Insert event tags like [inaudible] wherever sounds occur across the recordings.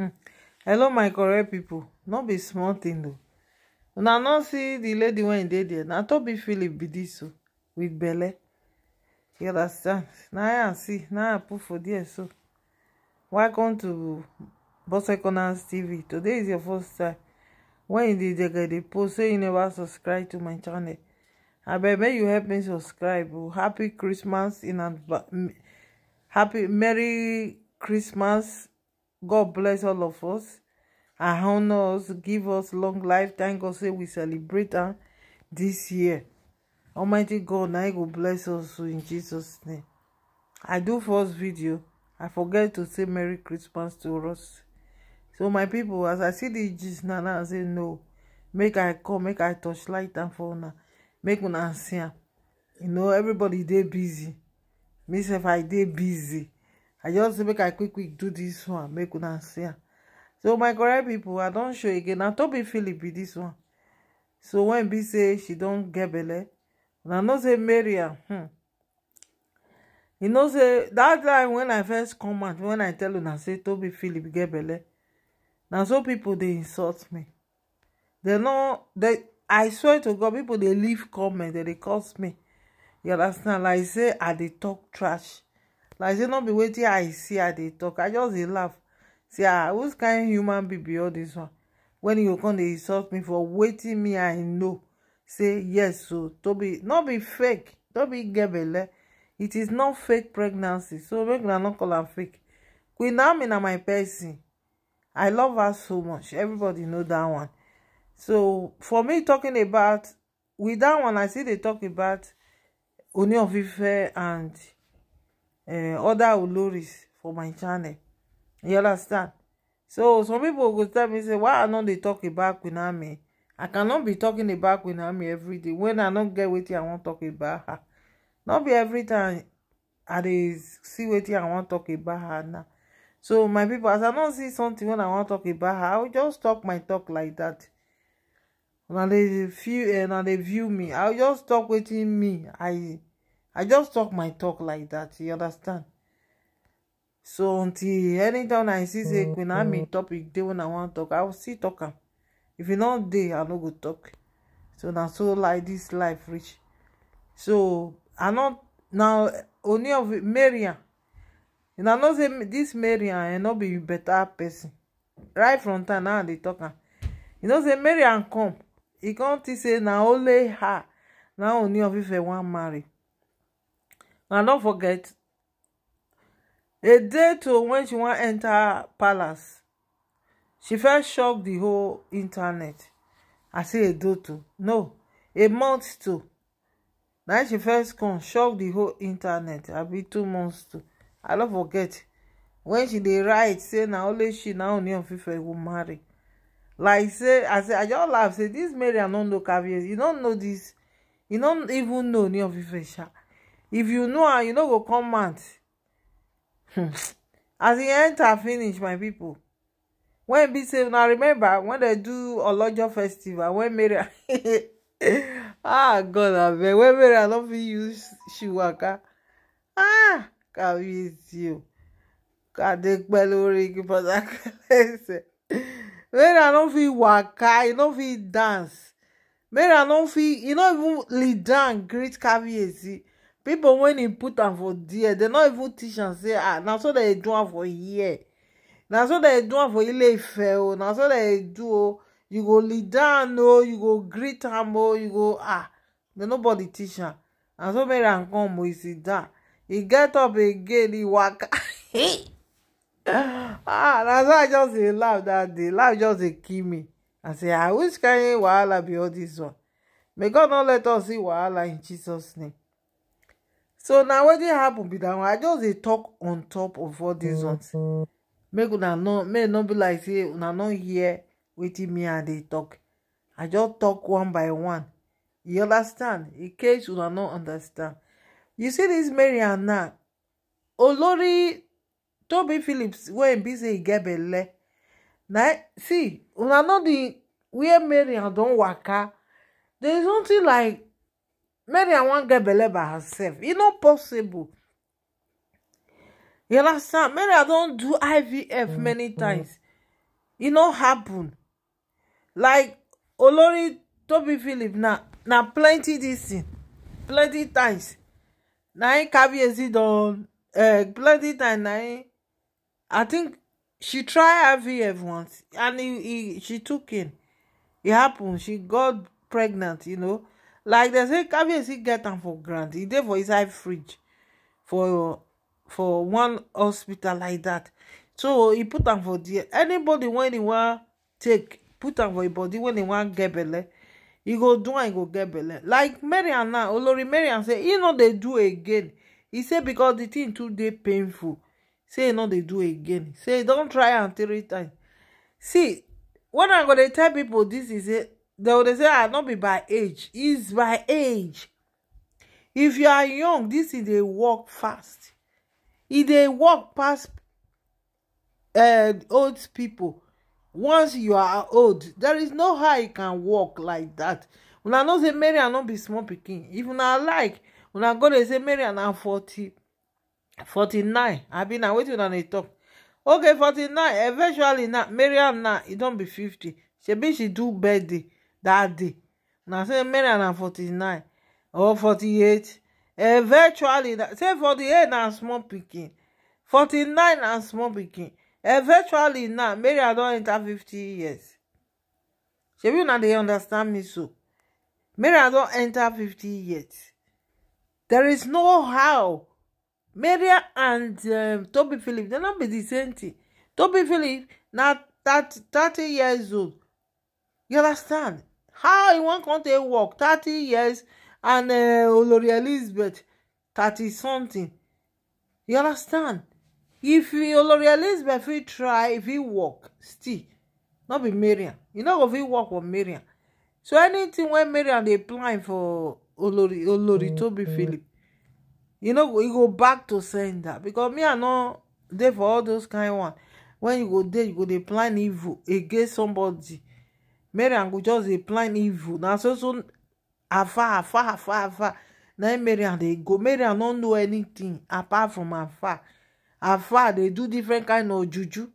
Hmm. hello my correct people. no be small thing though. Now, no see the lady wey dey there Now, tobi philip be dis o oh, with belle you understand Now i see Now i put for there so welcome to bose corners tv today is your first time When you dey dey post say you never subscribe to my channel abeg make you help me subscribe oh. happy christmas in advance happy merry christmas God bless all of us and honor us, give us long life. Thank God, say we celebrate am this year. Almighty God, na go bless us in Jesus' name. I do first video. I forget to say Merry Christmas to us. So my people, as I see the Jesus, Nana, I say no. Make I come, make I touch light and phone. now. Make una see You know, everybody they busy. Me sef I they busy i just say make i quick quick do this one make una see am so my correct people, i don't show again I told Be philip be this one so when be say she don't get belle I know say maria hmm you know say that time when i first come out when i tell una say Toby philip get belle Now so people they insult me They know they i swear to god people they leave comment they dey curse me you understand like say i they talk trash like say no be waiting. i see i dey talk i just dey laugh say ah which kind human being be all this one When e go come dey insult me for waiting me i know say yes so to be not be fake no be get belle it is not fake pregnancy so make una no call am fake queen naomi na my person i love her so much everybody know that one so for me talking about with that one i still dey talk about oni of and uh, eh, other oloris for my channel you understand so some people go tell me say why i no dey tok about queen ami i cannot be talking about queen ami day. When i no get with wetin i wan tok about her Not be every time. i they see with wetin i wan tok about her now so my people, as i no see something when i wan tok about her i will just talk my talk like dat na they view me i just talk wetin me i i just talk my talk like that. you understand so until anytime i see say mm, queen army mm. topic dey when i wan talk i still talk am if you e not dey i no go talk so now, so like this life rich. so i not now only of maria and i know say dis maria e no be better person right from time now i dey talk am you know say maria come he come think say now only her Now only of ife want marry na don't forget a day to when she want enter palace she first shock the whole internet i say a day to no a month to Now she first come shock the whole internet i be two months to i don't forget when she dey write say na only she now only on fifa go marry like say i say i just laugh say this mary i no know caviar you don't know this. you don't even know only on fifa if you know am you no go come out hmm. as e enter finish my people, when be say now remember when dem do olojo festival when mary [laughs] ah god abeg wen mary i no fit use she waka ah kabiyesi o kadepẹ lórí igi pọtakẹlẹsẹ mary i no fit waka e no fit dance mary i no fit e no even lead down greet kabiyesi People, when e put am for there they no even teach am say ah na so they do am for here na so they do am for ile fail. o na so they do you go lead down, o you go greet am oh, you go ah dem nobody teach am and so mary am come o e sit down he get up again e waka [laughs] ah na so i just dey laugh that day laugh just dey kill me i say ah which kain wahala be all this one may god not let us see wahala in jesus name so na wetin happen be dat one i just dey tok on top of all dis ones make una no be like say una no hear wetin me dey tok i just tok one by one you understand in case una no understand you see dis mary anna olori toby phillips wey be say e get belle na see una no dey where mary don waka there is nothing like Mariam wan get believe by herself. E not possible. You understand? Mary, I do IVF mm, many mm. times. It' not happen. Like Olori Toby Philip Now, now plenty this thing. Plenty times. I him Kabiyesi don uh, plenty times Now, I think she try IVF once and he, he she took in. It happened. She got pregnant, you know. like dem say kabiyesi get am for ground e dey for inside fridge for for one hospital like that. so e put am for there anybody wey e wan take put am for im e body wey e wan get belle e go do am e go get belle like mariam now olori mariam say e no dey do again e say because the thing too dey painful say e no dey do again say e don try am three times see wen i go dey tell people. This is it dem dey say ah not be by age it's by age if you are young this is dey walk fast e dey work pass eh, old people, once you are old there is no how you can walk like dat una know say mary not be small picking. if I like una go to say mary na 40 49 abi na waiting una dey talk. okay 49 eventually now, mary now. e don't be 50 be she do birthday That day now say mary and 49 or 48 eventually say 48 and small picking. 49 and small picking. eventually now mary don't enter 50 years She una dey understand me so mary don't enter 50 years there is no how mary and um, toby philip they not be the same thing toby philip that 30 years old you understand how e wan come take work thirty years and uh, olori elizabeth thirty something you understand if olori elizabeth he try if he work still not be Miriam. you know if he work with Miriam. so anything when Miriam they plan for olori olori mm, tobi mm. philip you know you go back to saying that because me i no they for all those kind one when you go there, you go they plan evil against somebody mariam go just dey plan evil na so so afar afar afar afar na mariam dey go mariam no know anything apart from afar afar dey do different kind of juju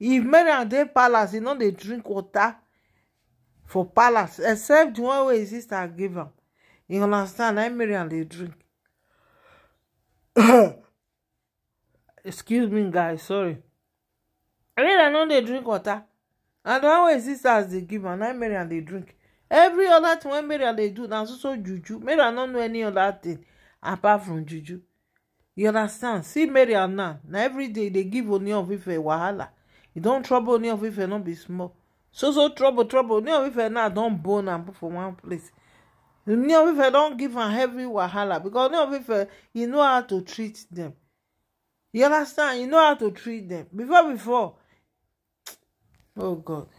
if mariam dey palace e no dey drink water for palace except the one wey his sister give am you understand na mariam dey drink [coughs] excuse me guys sorry mariam no dey drink water and one way sisters dey give am na mariam dey drink every other thing wey mariam dey do na so so juju mariam no know any other thing apart from juju you understand see mariam now na everyday dey give oni of ife wahala e don trouble oni of ife no be small so so trouble trouble oni of ife now don bone am put for one place oni of ife don give am heavy wahala because oni of ife e know how to treat dem you understand e know how to treat dem before before Oh God.